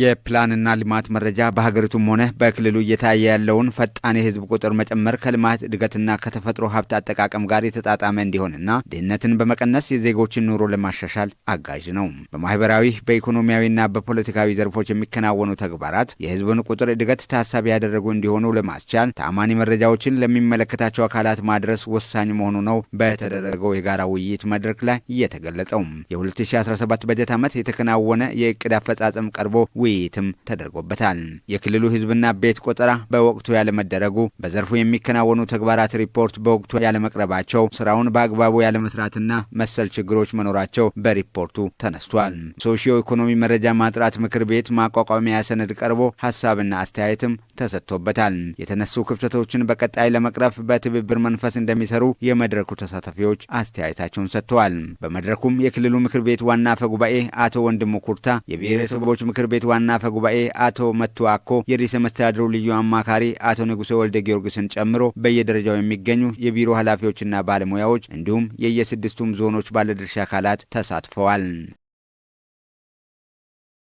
የፕላንና ልማት መረጃ በሀገሪቱም ሆነ በክልሉ እየታየ ያለውን ፈጣን የህዝብ ቁጥር መጨመር ከልማት እድገትና ከተፈጥሮ ሀብት አጠቃቀም ጋር የተጣጣመ እንዲሆንና ድህነትን በመቀነስ የዜጎችን ኑሮ ለማሻሻል አጋዥ ነው። በማህበራዊ በኢኮኖሚያዊና በፖለቲካዊ ዘርፎች የሚከናወኑ ተግባራት የህዝብን ቁጥር እድገት ታሳቢ ያደረጉ እንዲሆኑ ለማስቻል ተአማኒ መረጃዎችን ለሚመለከታቸው አካላት ማድረስ ወሳኝ መሆኑ ነው በተደረገው የጋራ ውይይት መድረክ ላይ እየተገለጸው የ2017 በጀት ዓመት የተከናወነ የእቅድ አፈጻጸም ቀርቦ ውይይትም ተደርጎበታል። የክልሉ ህዝብና ቤት ቆጠራ በወቅቱ ያለመደረጉ፣ በዘርፉ የሚከናወኑ ተግባራት ሪፖርት በወቅቱ ያለመቅረባቸው፣ ስራውን በአግባቡ ያለመስራትና መሰል ችግሮች መኖራቸው በሪፖርቱ ተነስቷል። ሶሺዮ ኢኮኖሚ መረጃ ማጥራት ምክር ቤት ማቋቋሚያ ሰነድ ቀርቦ ሀሳብና አስተያየትም ተሰጥቶበታል። የተነሱ ክፍተቶችን በቀጣይ ለመቅረፍ በትብብር መንፈስ እንደሚሰሩ የመድረኩ ተሳታፊዎች አስተያየታቸውን ሰጥተዋል። በመድረኩም የክልሉ ምክር ቤት ዋና አፈ ጉባኤ አቶ ወንድሙ ኩርታ፣ የብሔረሰቦች ምክር ቤት ዋና አፈ ጉባኤ አቶ መቱ አኮ፣ የርዕሰ መስተዳድሩ ልዩ አማካሪ አቶ ንጉሴ ወልደ ጊዮርጊስን ጨምሮ በየደረጃው የሚገኙ የቢሮ ኃላፊዎችና ባለሙያዎች እንዲሁም የየስድስቱም ዞኖች ባለድርሻ አካላት ተሳትፈዋል።